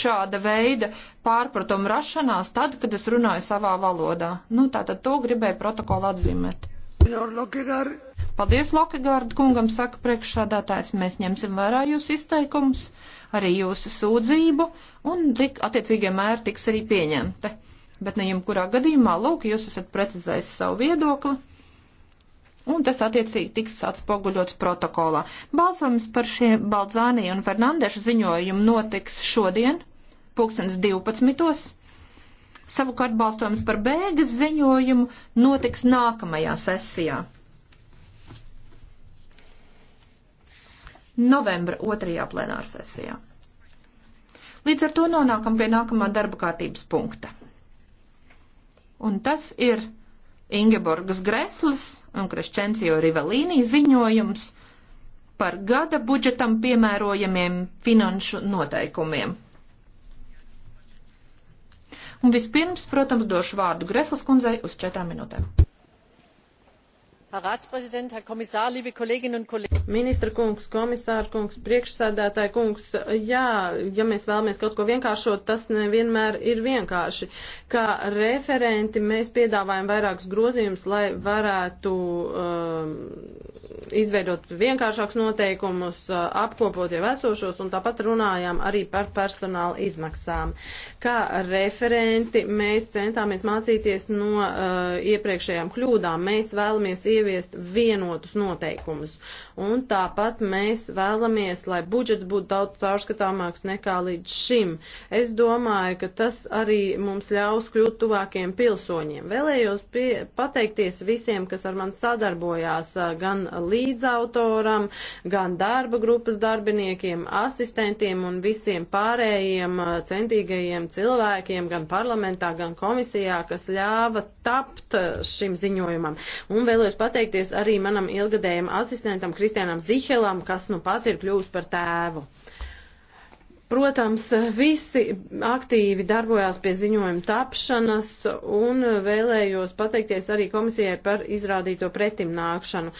šāda veida pārpratumu rašanās tad, kad es runāju savā valodā. Nu, tātad to gribēju protokolu atzīmēt. Paldies, Lokegārda kungam, saka priekšsādātājs. Mēs ņemsim vērā jūsu izteikumus, arī jūsu sūdzību, un tik, attiecīgie mēri tiks arī pieņemti. Bet ne jumkurā gadījumā, lūk, jūs esat precizējis savu viedokli un tas attiecīgi tiks atspoguļots protokolā. Balsojums par šiem Baldzānija un Fernandeša ziņojumu notiks šodien pulkstens 12. Savukārt balstojums par bēgas ziņojumu notiks nākamajā sesijā. Novembra otrajā plenārsesijā. Līdz ar to nonākam pie nākamā darba kārtības punkta. Un tas ir Ingeborgas Greslis un Kreščencijo Rivelīnī ziņojums par gada budžetam piemērojamiem finanšu noteikumiem. Un vispirms, protams, došu vārdu Greslas kundzei uz četrām minūtēm. Herr Ratspräsident, Herr Kommissar, liebe Kolleginnen und Kollegen. Ministra kungs, komisāra kungs, priekšsēdētāja kungs, jā, ja mēs vēlamies kaut ko vienkāršot, tas nevienmēr ir vienkārši. Kā referenti mēs piedāvājam vairākus grozījumus, lai varētu. Um, izveidot vienkāršākus noteikumus, apkopot jau esošos, un tāpat runājām arī par personāla izmaksām. Kā referenti mēs centāmies mācīties no uh, iepriekšējām kļūdām. Mēs vēlamies ieviest vienotus noteikumus, un tāpat mēs vēlamies, lai budžets būtu daudz caurskatāmāks nekā līdz šim. Es domāju, ka tas arī mums ļaus kļūt tuvākiem pilsoņiem. Vēlējos pie, pateikties visiem, kas ar mani sadarbojās, gan līdzautoram, gan darba grupas darbiniekiem, asistentiem un visiem pārējiem uh, centīgajiem cilvēkiem, gan parlamentā, gan komisijā, kas ļāva tapt uh, šim ziņojumam. Un vēlos pateikties arī manam ilgadējiem asistentam Kristianam Zihelam, kas nu pat ir kļūst par tēvu. Protams, visi aktīvi darbojās pie ziņojuma tapšanas un vēlējos pateikties arī komisijai par izrādīto pretimnākšanu,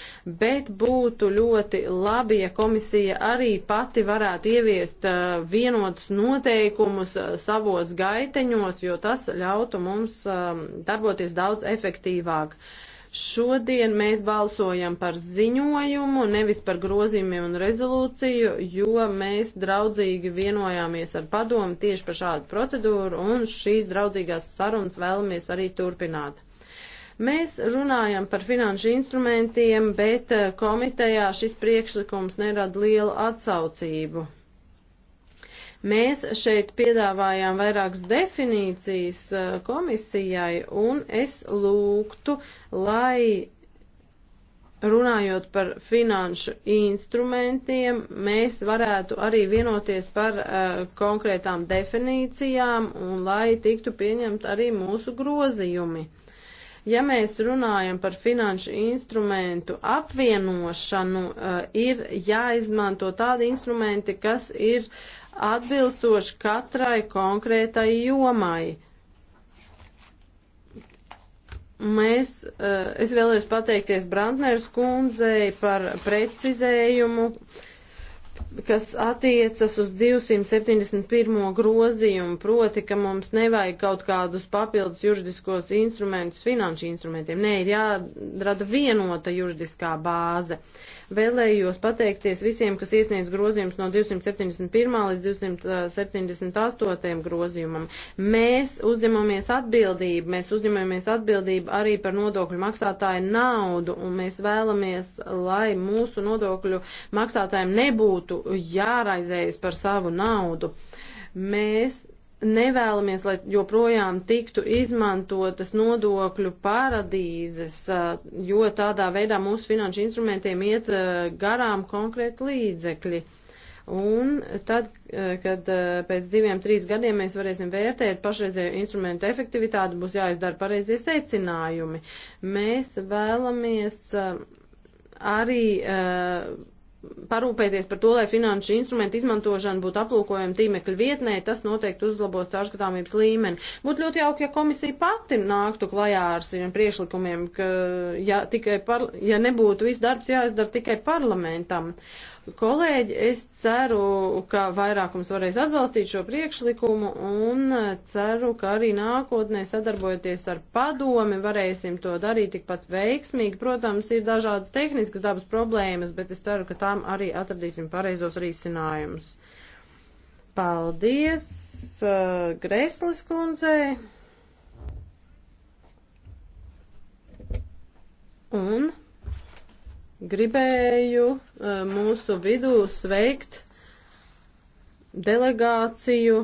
bet būtu ļoti labi, ja komisija arī pati varētu ieviest uh, vienotus noteikumus uh, savos gaiteņos, jo tas ļautu mums um, darboties daudz efektīvāk. Uh, Šodien mēs balsojam par ziņojumu, nevis par grozījumiem un rezolūciju, jo mēs draudzīgi vienojāmies ar padomu tieši par šādu procedūru un šīs draudzīgās sarunas vēlamies arī turpināt. Mēs runājam par finanšu instrumentiem, bet eh, komitejā šis priekšlikums nerada lielu atsaucību. Mēs šeit piedāvājām vairākas definīcijas uh, komisijai, un es lūgtu, lai runājot par finanšu instrumentiem, mēs varētu arī vienoties par uh, konkrētām definīcijām un lai tiktu pieņemt arī mūsu grozījumi. Ja mēs runājam par finanšu instrumentu apvienošanu, eh, ir jāizmanto tādi instrumenti, kas ir atbilstoši katrai konkrētai jomai. Mēs, eh, es vēlējos pateikties Brandners kundzei par precizējumu, uh, kas attiecas uz 271. grozījumu, proti, ka mums nevajag kaut kādus papildus juridiskos instrumentus finanšu instrumentiem. Nē, ir jārada vienota juridiskā bāze. Vēlējos pateikties visiem, kas iesniedz grozījumus no 271. līdz 278. grozījumam. Mēs uzņemamies atbildību, mēs uzņemamies atbildību arī par nodokļu maksātāju naudu, un mēs vēlamies, lai mūsu nodokļu maksātājiem nebūtu būtu jāraizējas par savu naudu. Mēs nevēlamies, lai joprojām tiktu izmantotas nodokļu paradīzes, jo tādā veidā mūsu finanšu instrumentiem iet garām konkrēti līdzekļi. Un tad, kad pēc diviem, trīs gadiem mēs varēsim vērtēt pašreizēju instrumentu efektivitāti, būs jāizdara pareizie secinājumi. Mēs vēlamies arī uh, parūpēties par to, lai finanšu instrumentu izmantošana būtu aplūkojama tīmekļa vietnē, tas noteikti uzlabos caurskatāmības līmeni. Būtu ļoti jauki, ja komisija pati nāktu klajā ar saviem priešlikumiem, ka ja, tikai par, ja nebūtu viss darbs jāizdara tikai parlamentam. Kolēģi, es ceru, ka vairākums varēs atbalstīt šo priekšlikumu un ceru, ka arī nākotnē sadarbojoties ar padomi varēsim to darīt tikpat veiksmīgi. Protams, ir dažādas tehniskas dabas problēmas, bet es ceru, ka tā tām arī atradīsim pareizos risinājumus. Paldies uh, Greslis kundzei. Un gribēju uh, mūsu vidū sveikt delegāciju